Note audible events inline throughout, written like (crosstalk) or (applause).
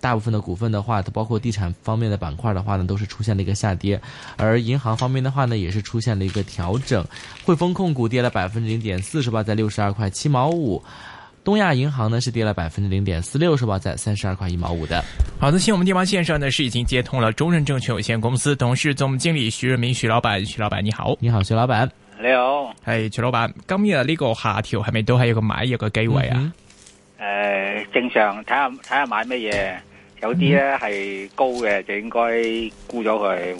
大部分的股份的話，它包括地產方面的板塊的話呢，都是出現了一個下跌；而銀行方面的話呢，也是出現了一個調整。匯豐控股跌了百分之零點四，是吧？在六十二塊七毛五。東亞銀行呢是跌了百分之零點四六，是吧？在三十二塊一毛五的。好的，現在我們電話線上呢是已經接通了中任證券有限公司董事總經理徐潤民，徐老闆，徐老闆你好，你好徐老闆，你好。哎，徐老闆，咁今日呢個下調係咪都係有個買有個機會啊？誒、嗯呃，正常睇下睇下買乜嘢？有啲咧係高嘅，就應該沽咗佢。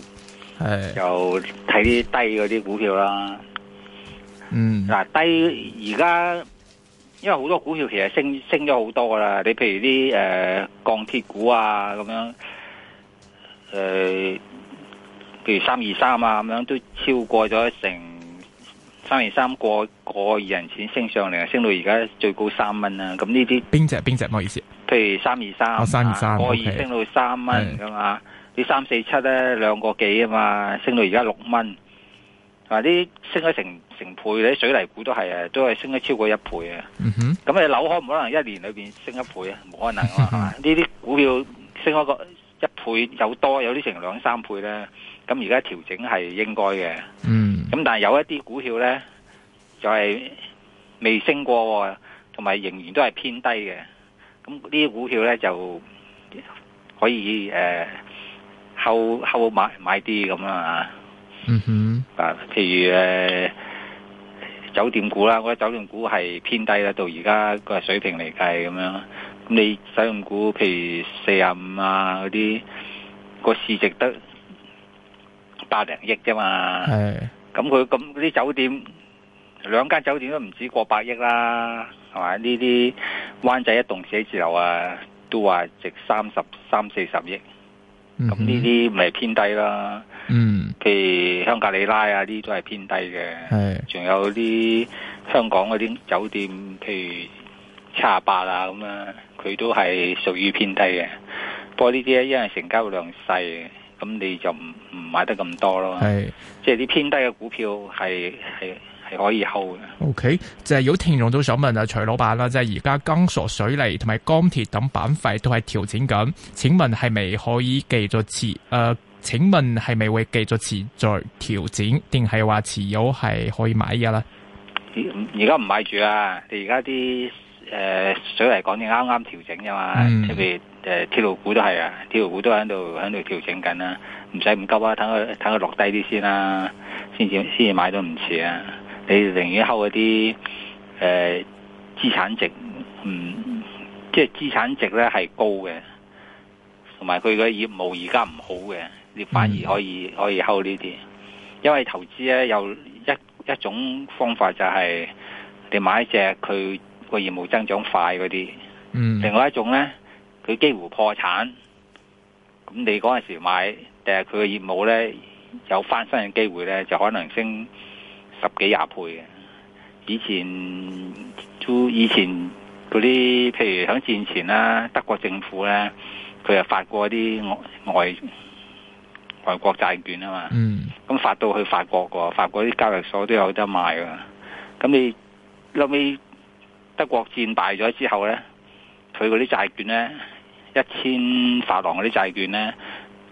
係又睇啲低嗰啲股票啦。嗯，嗱低而家，因為好多股票其實升升咗好多噶啦。你譬如啲誒鋼鐵股啊咁樣，誒，譬如三二三啊咁樣都超過咗成三二三過過二蚊錢升上嚟，升到而家最高三蚊啦。咁呢啲邊隻邊隻唔好意思。譬如三二三，三二三，二升到三蚊噶嘛。啲三四七咧兩個幾啊嘛，升到而家六蚊啊！啲升咗成成倍咧，水泥股都係誒，都係升咗超過一倍啊。咁、mm -hmm. 你樓可唔可能一年裏邊升一倍啊？冇可能噶嘛？呢 (laughs) 啲股票升開個一倍有多，有啲成兩三倍咧。咁而家調整係應該嘅。嗯，咁但係有一啲股票咧就係、是、未升過，同埋仍然都係偏低嘅。咁呢啲股票咧就可以誒、呃，后後買買啲咁啊嚇。嗯哼。啊，譬如誒、呃，酒店股啦，我覺得酒店股係偏低啦，到而家個水平嚟計咁樣。咁你使用股譬如四啊五啊嗰啲，個市值得百零億啫嘛。係。咁佢咁，嗰啲酒店，兩間酒店都唔止過百億啦。係，呢啲灣仔一棟寫字樓啊，都話值三十三四十億，咁呢啲咪偏低啦，嗯，譬如香格里拉啊，呢啲都係偏低嘅。係，仲有啲香港嗰啲酒店，譬如七啊八啊咁樣，佢都係屬於偏低嘅。不過呢啲咧，因為成交量細，咁你就唔唔買得咁多咯。係，即係啲偏低嘅股票係係。係係可以 hold 嘅。O K，就係有聽眾都想問啊，徐老闆啦，就係而家鋼索水泥同埋鋼鐵等板塊都係調整緊。請問係咪可以繼續持？誒、呃，請問係咪會繼續持續調整，定係話持有係可以買嘅啦？而家唔買住啊！你而家啲誒水泥講嘢啱啱調整啫嘛，即譬誒鐵路股都係啊，鐵路股都喺度喺度調整緊啦，唔使咁急啊，等佢等佢落低啲先啦，先至先至買都唔遲啊！你寧願 hold 嗰啲誒資產值，嗯，即係資產值呢係高嘅，同埋佢個業務而家唔好嘅，你反而可以可以 hold 呢啲，嗯、因為投資呢，有一，一種方法就係、是、你買一隻佢個業務增長快嗰啲，嗯、另外一種呢，佢幾乎破產，咁你嗰陣時買，但係佢個業務呢，有翻身嘅機會呢，就可能升。十幾廿倍嘅，以前都以前嗰啲，譬如響戰前啦，德國政府咧，佢又發過一啲外外國債券啊嘛，咁、嗯、發到去法國個，法國啲交易所都有得賣噶，咁你後屘德國戰敗咗之後咧，佢嗰啲債券咧，一千法郎嗰啲債券咧，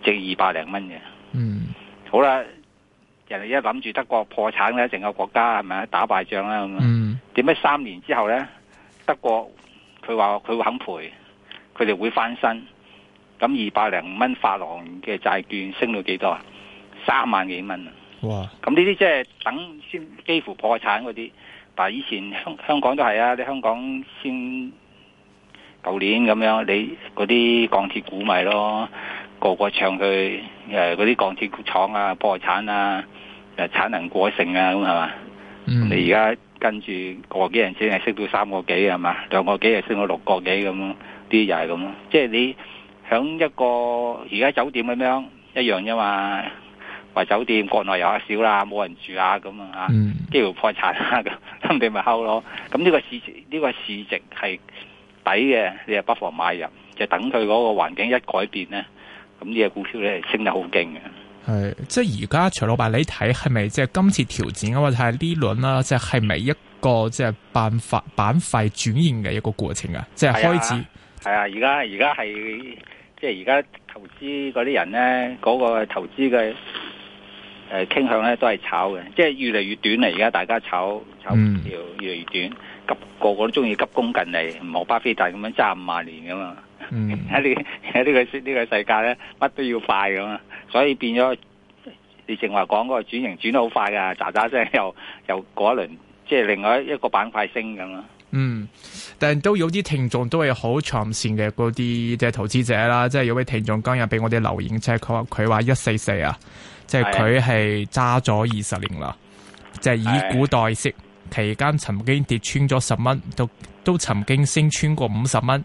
值二百零蚊嘅，嗯，好啦。人哋一諗住德國破產咧，成個國家係咪啊，打敗仗啦咁樣啊？點解三年之後咧，德國佢話佢會肯賠，佢哋會翻身？咁二百零蚊法郎嘅債券升到幾多啊？三萬幾蚊啊！哇！咁呢啲即係等先，幾乎破產嗰啲，但以前香香港都係啊，你香港先舊年咁樣，你嗰啲鋼鐵股咪咯？個個唱佢誒，嗰啲鋼鐵廠啊，破產啊，誒，產能過剩啊，咁係嘛？你而家跟住個幾人先係升到三個幾係嘛？兩個幾又升到六個幾咁，啲又係咁。即係你響一個而家酒店咁樣一樣啫嘛，話酒店國內遊客少啦，冇人住啊，咁啊，嗯、mm.，機會破產啊，咁你咪拋咯。咁呢個市值呢個市值係抵嘅，你又不妨買入，就等佢嗰個環境一改變咧。咁呢隻股票咧升得好勁嘅，係即係而家徐老闆，你睇係咪即係今次調整啊，或者係呢輪啦，即係係咪一個即係辦法，板塊轉型嘅一個過程啊？即係開始係啊！而家而家係即係而家投資嗰啲人咧，嗰、嗰個投資嘅誒傾向咧都係炒嘅，即係越嚟越短嚟。而家大家炒炒股票越嚟越短，急、嗯、個個都中意急功近利，唔好巴菲特咁樣揸五萬年噶嘛。喺呢喺呢個呢、這個這個世界咧，乜都要快咁啊！所以變咗，以前話講嗰個轉型轉得好快噶，喳喳聲又又過一輪，即係另外一個板塊升咁咯。嗯，但係都有啲聽眾都係好長線嘅嗰啲即係投資者啦，即係有位聽眾今日俾我哋留言，即係佢話佢話一四四啊，144, 即係佢係揸咗二十年啦，即係、就是、以股代息期間曾經跌穿咗十蚊，都都曾經升穿過五十蚊。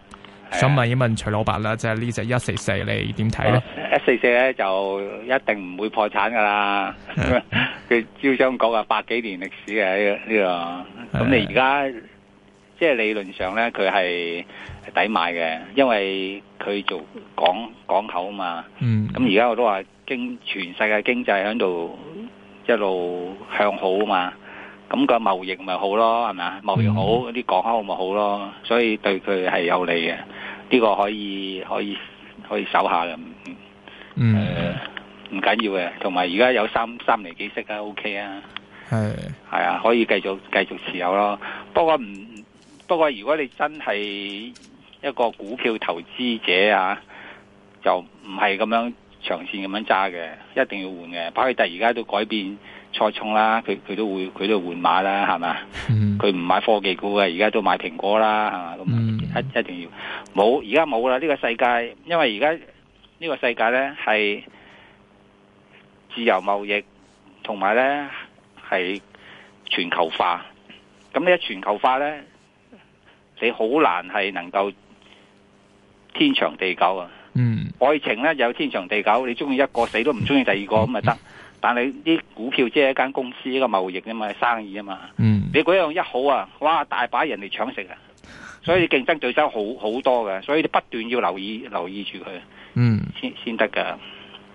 想問一問徐老伯啦，即係呢隻一四四，你點睇咧？一四四咧就一定唔會破產噶啦。佢招商局啊，百幾年歷史嘅呢個，咁你而家即係理論上咧，佢係抵買嘅，因為佢做港港口啊嘛。咁而家我都話經全世界經濟喺度一路向好啊嘛，咁個貿易咪好咯，係咪啊？貿易好，啲港口咪好咯，所以對佢係有利嘅。呢、這個可以可以可以守下嘅，嗯，唔、呃、緊要嘅。同埋而家有三三厘幾息啊，OK 啊，係係啊，可以繼續繼續持有咯。不過唔不，不過如果你真係一個股票投資者啊，就唔係咁樣長線咁樣揸嘅，一定要換嘅。包括佢而家都改變賽重啦，佢佢都會佢都換碼啦，係嘛？佢、嗯、唔買科技股嘅，而家都買蘋果啦，係嘛咁。嗯一定要冇，而家冇啦。呢個世界，因為而家呢個世界呢，係自由貿易，同埋呢，係全球化。咁你一全球化呢，你好難係能夠天長地久啊！嗯，愛情呢，有天長地久，你中意一個死都唔中意第二個咁咪得。但係啲股票即係一間公司嘅貿易啊嘛，生意啊嘛。嗯，你嗰樣一好啊，哇！大把人嚟搶食啊！所以競爭對手好好多嘅，所以你不斷要留意留意住佢，嗯，先先得噶。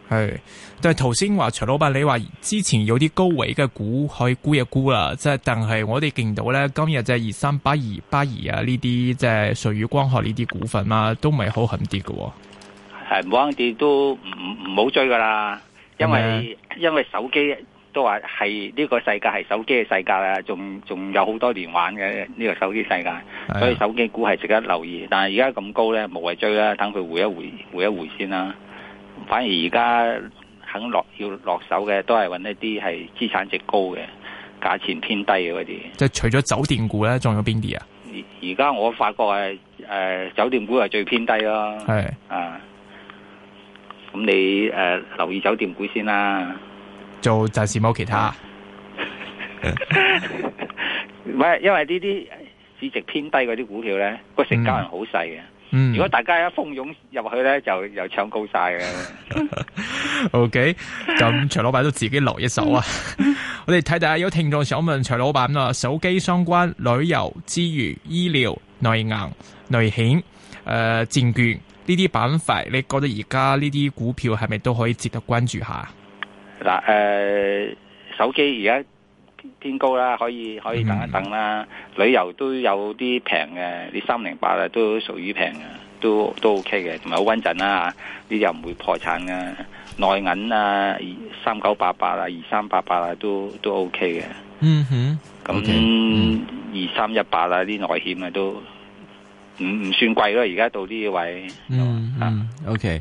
係，但係頭先話徐老闆，你話之前有啲高位嘅股可以沽一沽啦，即係但係我哋見到咧今日即係二三八二八二啊呢啲即係舜宇光學呢啲股份啦，啊，都唔係好狠跌喎。哦。係唔好狠跌都唔唔好追噶啦，因為因為手機。都話係呢個世界係手機嘅世界啦，仲仲有好多年玩嘅呢、這個手機世界，所以手機股係值得留意。但係而家咁高呢，無謂追啦，等佢回一回，回一回先啦。反而而家肯落要落手嘅，都係揾一啲係資產值高嘅，價錢偏低嘅嗰啲。即係除咗酒店股呢，仲有邊啲啊？而家我發覺誒誒、呃，酒店股係最偏低咯。係啊，咁你誒、呃、留意酒店股先啦。做暫時冇其他，喂 (laughs) 因為呢啲市值偏低嗰啲股票咧，個成交量好細嘅。嗯、如果大家一蜂擁入去咧，就又搶高晒嘅 (laughs) Okay, (laughs) OK，咁徐老闆都自己留一手啊！ (laughs) 我哋睇下有聽眾想問徐老闆啊，手機相關、旅遊之餘、醫療、內銀、內險、誒、呃，債券呢啲板塊，你覺得而家呢啲股票係咪都可以值得關注下？嗱，誒、呃、手機而家偏高啦，可以可以等一等啦。旅遊都有啲平嘅，啲三零八啦都屬於平嘅，都都 OK 嘅，同埋好穩陣啦，呢啲又唔會破產㗎。內銀啊，三九八八啊，二三八八啊，都都 OK 嘅。嗯哼，咁二三一八啊，呢啲、okay，內險啊都唔唔算貴咯，而家到呢個位。嗯，OK。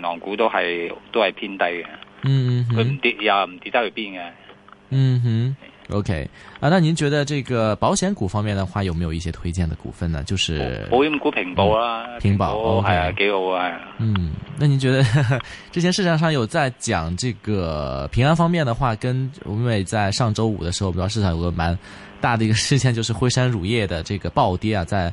銀行股都係都係偏低嘅，嗯、mm -hmm.，佢唔跌又唔跌得去邊嘅，嗯、mm、哼 -hmm.，OK，啊，那您覺得這個保險股方面的話，有沒有一些推薦的股份呢？就是保險股平保啊，平保，係、哦 okay. 啊，幾好啊，嗯，那您覺得呵呵之前市場上有在講這個平安方面的話，跟因為在上周五的時候，不知道市場有個蠻大的一個事件，就是輝山乳業的這個暴跌啊，在。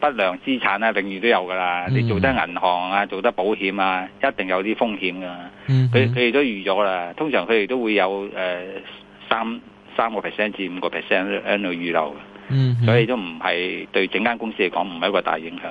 不良資產啊，永遠都有噶啦。你做得銀行啊，做得保險啊，一定有啲風險噶。啊。佢佢哋都預咗啦，通常佢哋都會有誒三三個 percent 至五個 percent 喺度預留，Mm-hmm. 所以都唔係對整間公司嚟講唔係一個大影響。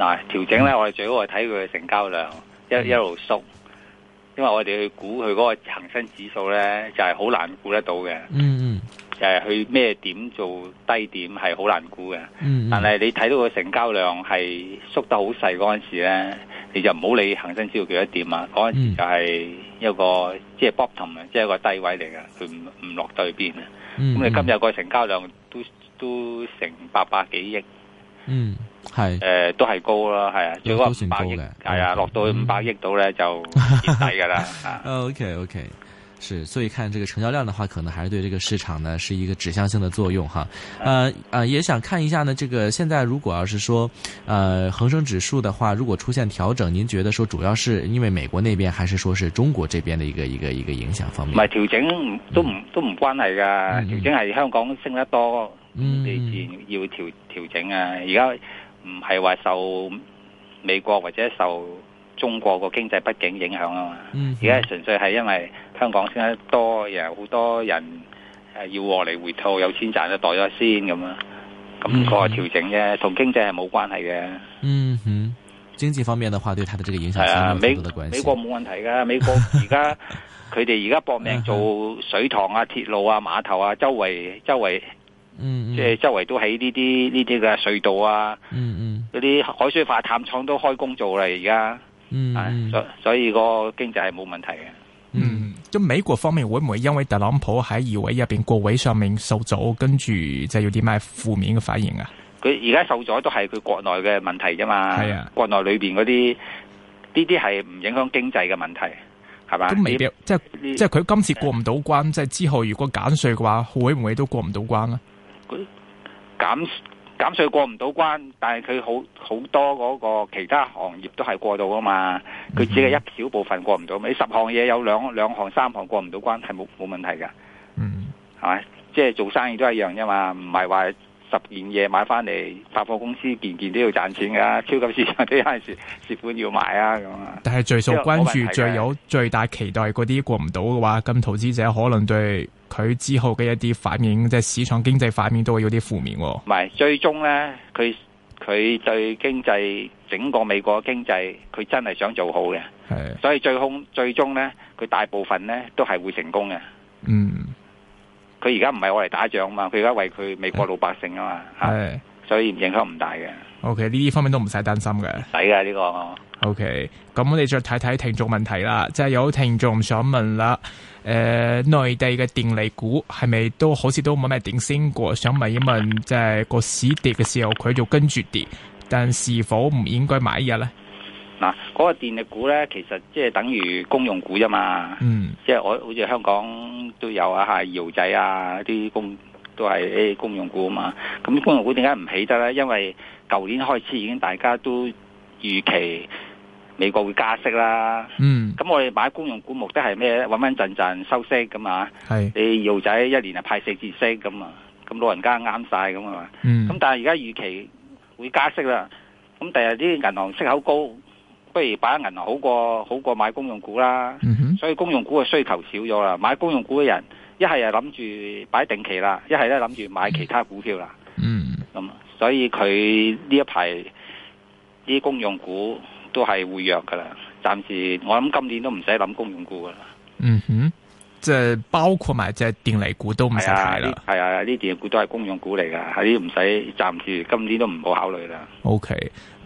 嗱、啊，調整咧，我哋最好係睇佢嘅成交量一一,一路縮，因為我哋去估佢嗰個恆生指數咧，就係、是、好難估得到嘅。嗯嗯。誒、就是，去咩點做低點係好難估嘅、嗯嗯。但係你睇到個成交量係縮得好細嗰陣時咧，你就唔好理恒生指數幾多點啊！嗰陣時就係一個即係、就是、bottom 啊，即係一個低位嚟嘅，佢唔唔落到去邊啊！咁、嗯嗯、你今日個成交量都都成八百幾億。嗯。嗯。係誒、呃，都係高啦，係啊，最高係高嘅，五百億，係、嗯、啊，落到五百億度咧就見底噶啦。 (laughs) 啊，OK OK，是，所以看這個成交量的話，可能還是對這個市場呢，是一個指向性的作用哈。啊、呃、啊、呃呃，也想看一下呢，這個現在如果要是說，誒、呃，恒生指數的話，如果出現調整，您覺得說，主要是因為美國那邊，還是說是中國這邊的一個一個一個影響方面？唔係調整都唔、嗯、都唔關係噶、嗯，調整係香港升得多，嗯、你自然要調調整啊，而家。唔係話受美國或者受中國個經濟不景影響啊嘛，而家係純粹係因為香港升得多，又好多人誒要獲利回吐，有錢賺就袋咗先咁啊，咁個調整啫。同、嗯、經濟係冇關係嘅。嗯哼，經濟方面嘅話，對佢哋這個影響係啊，美美國冇問題噶，美國而家佢哋而家搏命做水塘啊、鐵 (laughs) 路啊、碼頭啊，周圍周圍。周嗯，即係周圍都喺呢啲呢啲嘅隧道啊，嗯嗯，嗰啲海水化探廠都開工做啦，而、嗯、家、嗯，嗯，所所以個經濟係冇問題嘅。嗯，咁美國方面會唔會因為特朗普喺議會入邊國會上面受阻，跟住就係要啲咩負面嘅反應啊？佢而家受阻都係佢國內嘅問題啫嘛，係啊，國內面，國內裏邊嗰啲呢啲係唔影響經濟嘅問題，係嘛？都未必，即係即係佢今次過唔到關，即係之後如果減稅嘅話，會唔會都過唔到關啊？減減稅過唔到關，但係佢好好多嗰個其他行業都係過到噶嘛，佢只係一小部分過唔到。你、嗯、十項嘢有兩兩項、三項過唔到關，係冇冇問題噶，係、嗯、嘛？即係做生意都係一樣啫嘛，唔係話十件嘢買翻嚟，百貨公司件件都要賺錢噶，超級市場都有陣時蝕本要賣啊咁啊。但係最受關注、最有最大期待嗰啲過唔到嘅話，咁投資者可能對。佢之後嘅一啲反應，即係市場經濟反應都會有啲負面喎。唔係最終咧，佢佢對經濟整個美國經濟，佢真係想做好嘅。係，所以最控最終咧，佢大部分咧都係會成功嘅。嗯，佢而家唔係嚟打仗啊嘛，佢而家為佢美國老百姓啊嘛。係，所以影響唔大嘅。O.K. 呢啲方面都唔使擔心嘅，使㗎呢個。O K，咁我哋再睇睇聽眾問題啦，即係有聽眾想問啦。誒、呃，內地嘅電力股係咪都好似都冇乜點升過？想問一問，即係個市跌嘅時候，佢就跟住跌，但是否唔應該買嘢咧？嗱，嗰個電力股咧，其實即係等於公用股啫嘛。嗯，即係我好似香港都有啊，係窯仔啊，啲公都係誒、哎、公用股啊嘛。咁公用股點解唔起得咧？因為舊年開始已經大家都預期。美國會加息啦，咁、嗯、我哋買公用股目的係咩？穩穩陣陣收息咁啊！你二仔一年啊派四次息咁啊，咁老人家啱晒咁啊！咁、嗯、但係而家預期會加息啦，咁第日啲銀行息口高，不如擺喺銀行好過好過買公用股啦。嗯、所以公用股嘅需求少咗啦，買公用股嘅人一係又諗住擺定期啦，一係咧諗住買其他股票啦。咁、嗯嗯、所以佢呢一排啲公用股。都係會弱噶啦，暫時我諗今年都唔使諗公用股噶啦。嗯哼，即係包括埋即係電力股都唔使睇啦。係啊，呢啲電力股都係公用股嚟噶，喺唔使，暫時今年都唔好考慮啦。OK，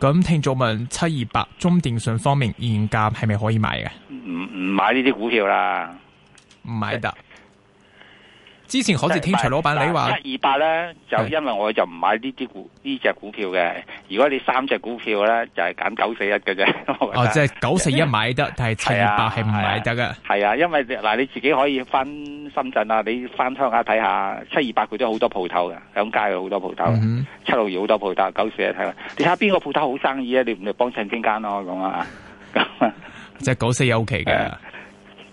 咁聽眾問七二八中電信方面現價係咪可以買嘅？唔唔買呢啲股票啦，唔買得。之前好似天祥老闆你話七二八咧，就因為我就唔買呢啲股呢隻股票嘅。如果你三隻股票咧，就係揀九四一嘅啫。哦，即係九四一買得， (laughs) 但係七二八係唔買得嘅。係啊，啊，啊，因為嗱、啊、你自己可以翻深圳啊，你翻鄉下睇下七二八佢都好多鋪頭嘅，響街度好多鋪頭，七六二好多鋪頭，九四一睇下。你睇下邊個鋪頭好生意啊？你唔嚟幫襯邊間咯？咁、咁啊、啊，即係九四一 OK 嘅。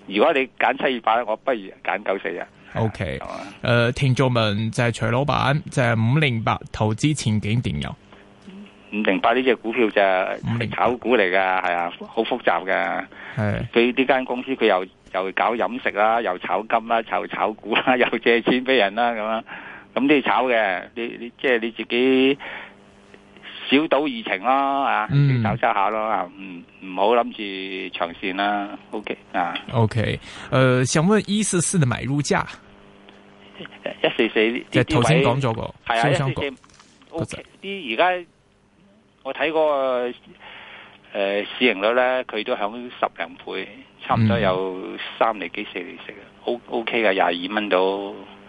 如果你揀七二八，我不如揀九四一。O K，誒聽眾問就係徐老闆，就係五零八投資前景點樣？五零八呢隻股票就係炒股嚟嘅，係啊，好複雜嘅。係佢呢間公司，佢又又搞飲食啦，又炒金啦，又炒，炒股啦，又借錢俾人啦，咁樣咁都要炒嘅。你你即係、就是、你自己。小賭怡情咯，啊，投、嗯、資下咯，啊，唔唔好諗住長線啦。O、OK, K，啊，O K，誒，想問一四四嘅買入價？一四四，就頭先講咗個，係啊，O K，啲而家我睇個誒市盈率咧，佢都響十零倍，差唔多有三厘幾四厘四。嘅，O O K 嘅廿二蚊到。OK 的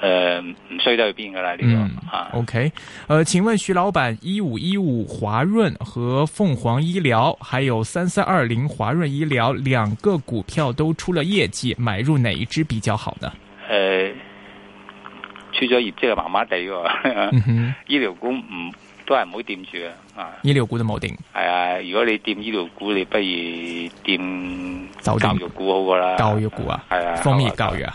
誒、呃，唔衰得去邊噶啦呢個？OK，誒、呃，請問徐老闆，一五一五華潤和鳳凰醫療，還有三三二零華潤醫療兩個股票都出了業績，買入哪一支比較好呢？誒、呃，出咗業績麻麻地喎、哦嗯，醫療股唔都係唔好掂住啊！醫療股都冇掂，係啊！如果你掂醫療股，你不如掂酒店股好過啦，教育股啊，係、嗯、啊，教育啊。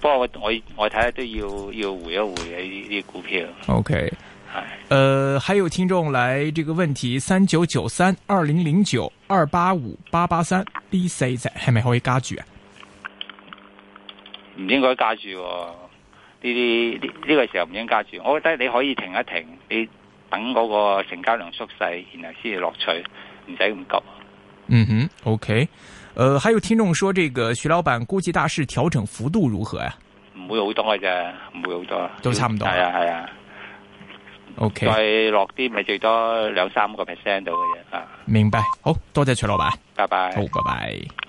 不過我我睇下都要要回一回呢啲股票。O K，係，誒、呃，還有聽眾來這個問題：三九九三、二零零九、二八五八八三呢四隻係咪可以加住啊？唔應該加住呢啲呢個時候唔應該加住。我覺得你可以停一停，你等嗰個成交量縮細，然後先至落去，唔使咁急。嗯哼，O K。Okay. 呃，還有聽眾說，這個徐老闆估計大市調整幅度如何呀？唔會好多嘅啫，唔會好多，都差唔多係啊係啊。OK，再落啲咪最多兩三個 percent 度嘅嘢啊。明白，好多謝徐老闆，拜拜，好，拜拜。